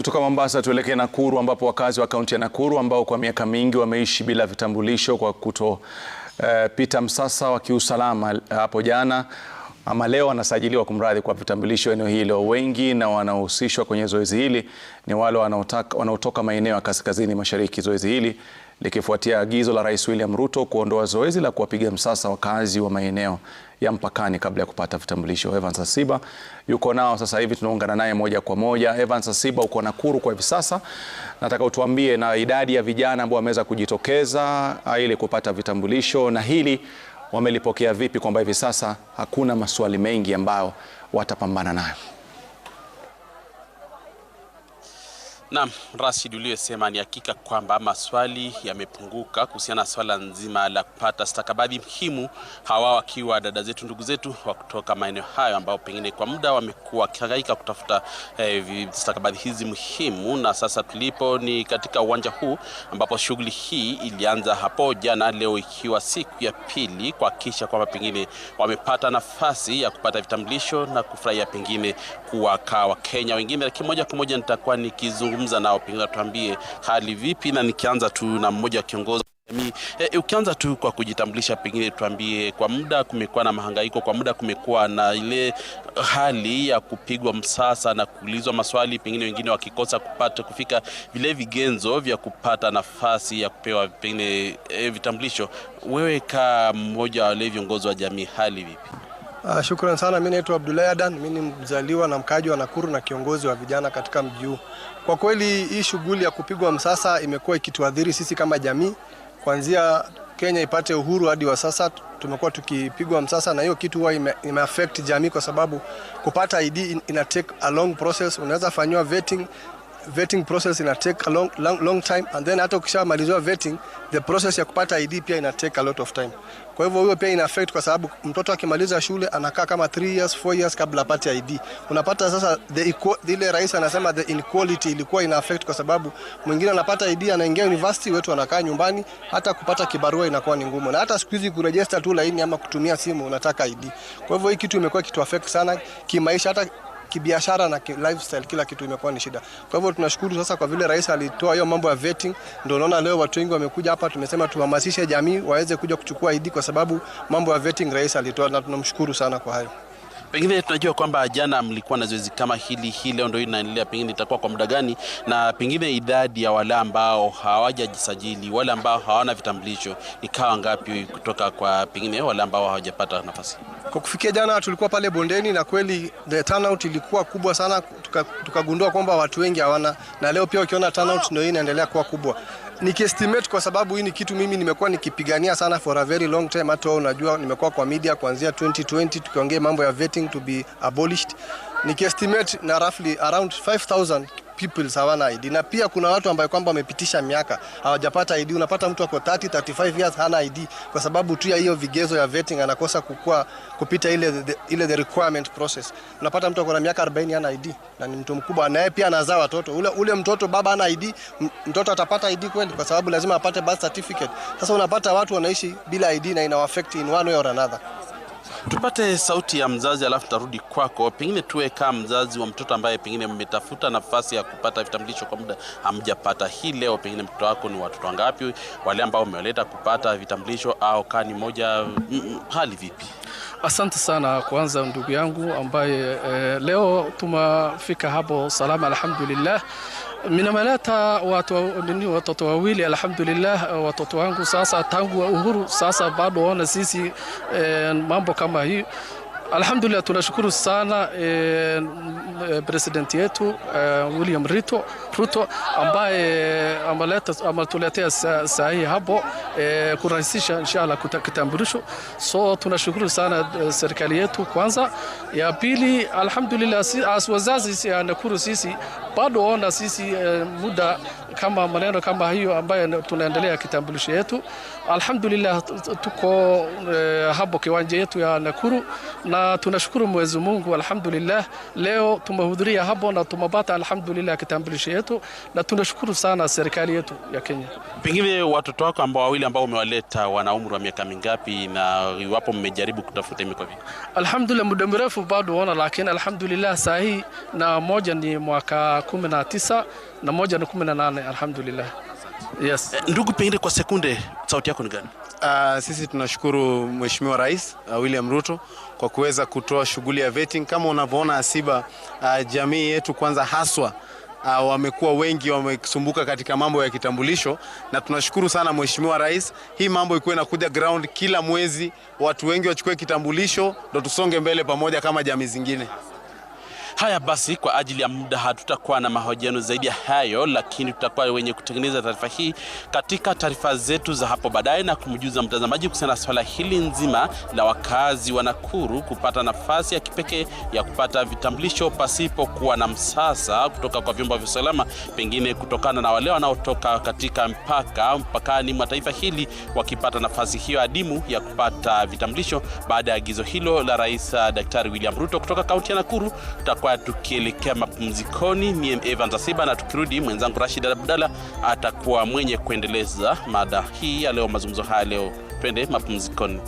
Kutoka Mombasa tuelekee Nakuru ambapo wakazi wa kaunti ya Nakuru ambao kwa miaka mingi wameishi bila vitambulisho kwa kutopita eh, uh, msasa wa kiusalama hapo jana ama leo wanasajiliwa kumradhi kwa vitambulisho eneo hilo. Wengi na wanaohusishwa kwenye zoezi hili ni wale wanaotoka maeneo ya kaskazini mashariki. Zoezi hili likifuatia agizo la Rais William Ruto kuondoa zoezi la kuwapiga msasa wakazi wa maeneo ya mpakani kabla ya kupata vitambulisho. Evans Asiba yuko nao sasa hivi, tunaungana naye moja kwa moja. Evans Asiba, uko Nakuru kwa hivi sasa, nataka utuambie na idadi ya vijana ambao wameweza kujitokeza ah, ili kupata vitambulisho, na hili wamelipokea vipi, kwamba hivi sasa hakuna maswali mengi ambayo watapambana nayo? Naam, Rashid, uliyosema ni hakika kwamba maswali yamepunguka kuhusiana na swala nzima la kupata stakabadhi muhimu, hawa wakiwa dada zetu, ndugu zetu wa kutoka maeneo hayo ambao pengine kwa muda wamekuwa wakihangaika kutafuta eh, stakabadhi hizi muhimu. Na sasa tulipo ni katika uwanja huu ambapo shughuli hii ilianza hapo jana, leo ikiwa siku ya pili, kuhakikisha kwamba pengine wamepata nafasi ya kupata vitambulisho na kufurahia pengine kuwakaa Wakenya wengine. Lakini moja kwa moja nitakuwa nikizungumza kuzungumza nao, pengine tuambie hali vipi, na nikianza tu na mmoja wa kiongozi E, ukianza tu kwa kujitambulisha, pengine tuambie, kwa muda kumekuwa na mahangaiko, kwa muda kumekuwa na ile eh, hali ya kupigwa msasa na kuulizwa maswali, pengine wengine wakikosa kupata kufika vile vigenzo vya kupata nafasi ya kupewa pengine e, vitambulisho. Wewe kama mmoja wa wale viongozi wa jamii, hali vipi? Uh, shukran sana. Mimi naitwa Abdullahi Adan, mimi ni mzaliwa na mkaaji wa Nakuru na kiongozi wa vijana katika mji huu. Kwa kweli hii shughuli ya kupigwa msasa imekuwa ikituadhiri sisi kama jamii kuanzia Kenya ipate uhuru hadi wa sasa tumekuwa tukipigwa msasa, na hiyo kitu huwa ime, ime affect jamii kwa sababu kupata ID ina take a long process. Unaweza fanyiwa vetting vetting process ina take a long, long, long time and then hata ukishamaliziwa vetting the process ya kupata ID pia ina take a lot of time. Kwa hivyo hiyo pia ina affect kwa sababu mtoto akimaliza shule anakaa kama 3 years 4 years kabla apate ID. Unapata sasa the ile rais anasema the inequality ilikuwa ina affect kwa sababu mwingine anapata ID anaingia university, wetu anakaa nyumbani, hata kupata kibarua inakuwa ni ngumu, na hata siku hizi kuregister tu laini ama kutumia simu unataka ID. Kwa hivyo hii kitu imekuwa kitu affect sana kimaisha hata kibiashara na ki lifestyle, kila kitu imekuwa ni shida. Kwa hivyo tunashukuru sasa kwa vile rais alitoa hiyo mambo ya vetting, ndio unaona leo watu wengi wamekuja hapa. Tumesema tuhamasishe jamii waweze kuja kuchukua ID kwa sababu mambo ya vetting rais alitoa, na tunamshukuru sana kwa hayo. Pengine tunajua kwamba jana mlikuwa na zoezi kama hili, hii leo ndio inaendelea, pengine itakuwa kwa muda gani, na pengine idadi ya wale ambao hawajajisajili, wale ambao hawana vitambulisho ikawa ngapi kutoka kwa pengine wale ambao hawajapata nafasi? Kwa kufikia jana tulikuwa pale bondeni na kweli the turnout ilikuwa kubwa sana, tukagundua tuka kwamba watu wengi hawana, na leo pia ukiona turnout oh. ndio inaendelea kuwa kubwa nikiestimate kwa sababu hii ni kitu mimi nimekuwa nikipigania sana for a very long time. Hata unajua nimekuwa kwa media kuanzia 2020 tukiongea mambo ya vetting to be abolished, nikiestimate na roughly around 5000 people hawana ID, na pia kuna watu ambao kwamba wamepitisha miaka hawajapata ID. Unapata mtu ako 30 35 years hana ID kwa sababu tu ya hiyo vigezo ya vetting, anakosa kukua kupita ile the, ile the requirement process. Unapata mtu ako na miaka 40 hana ID na ni mtu mkubwa, naye pia anazaa watoto. Ule ule mtoto baba hana ID, mtoto atapata ID kweli? Kwa sababu lazima apate birth certificate. Sasa unapata watu wanaishi bila ID na ina affect in one way or another. Tupate sauti ya mzazi alafu tarudi kwako. Pengine tuwe kama mzazi wa mtoto ambaye pengine mmetafuta nafasi ya kupata vitambulisho kwa muda hamjapata. Hii leo pengine mtoto wako ni watoto wangapi wale ambao umewaleta kupata vitambulisho, au kani moja? Mm, mm, hali vipi? Asante sana kwanza, ndugu yangu ambaye eh, leo tumefika hapo salama, alhamdulillah. Minamaleta watu nini, watoto wawili alhamdulillah. Watoto wangu sasa tangu uhuru sasa bado ona sisi eh, mambo kama hii Alhamdulillah, tunashukuru sana e, e, presidenti yetu e, William Rito, Ruto ambaye ametuletea saa hii hapo e, kurahisisha inshallah kitambulisho. So tunashukuru sana e, serikali yetu kwanza. Ya pili, alhamdulillah, si, as wazazi si, anakuru sisi bado ona sisi e, muda kama maneno kama hiyo ambayo tunaendelea kitambulisho yetu. Alhamdulillah, tuko e, hapo kiwanja yetu ya Nakuru na na tunashukuru Mwenyezi Mungu, alhamdulillah. Leo tumehudhuria hapo na tumepata alhamdulillah kitambulisho yetu, na tunashukuru sana serikali yetu ya Kenya. Pengine watoto wako ambao wawili ambao umewaleta wana umri wa miaka mingapi, na iwapo mmejaribu kutafuta imekuwa vipi? Alhamdulillah, muda mrefu bado wana, lakini alhamdulillah saa hii, na moja ni mwaka 19 na moja ni 18, alhamdulillah. Yes. Ndugu, pengine kwa sekunde sauti yako ni gani? Uh, sisi tunashukuru Mheshimiwa Rais uh, William Ruto kwa kuweza kutoa shughuli ya vetting. Kama unavyoona Asiba, uh, jamii yetu kwanza haswa uh, wamekuwa wengi wamesumbuka katika mambo ya kitambulisho, na tunashukuru sana Mheshimiwa Rais, hii mambo ikuwe inakuja ground kila mwezi, watu wengi wachukue kitambulisho, ndo tusonge mbele pamoja kama jamii zingine. Haya basi, kwa ajili ya muda hatutakuwa na mahojiano zaidi ya hayo, lakini tutakuwa wenye kutengeneza taarifa hii katika taarifa zetu za hapo baadaye na kumjuza mtazamaji kuhusiana na swala hili nzima la wakazi wa Nakuru kupata nafasi ya kipekee ya kupata vitambulisho pasipo kuwa na msasa kutoka kwa vyombo vya usalama, pengine kutokana na wale wanaotoka katika mpaka mpakani mwa taifa hili wakipata nafasi hiyo adimu ya kupata vitambulisho baada ya agizo hilo la Rais Daktari William Ruto kutoka kaunti ya Nakuru tutakuwa hapa tukielekea mapumzikoni. ni Evans na tukirudi mwenzangu Rashid Abdalla atakuwa mwenye kuendeleza mada hii ya leo, mazungumzo haya leo. Twende mapumzikoni.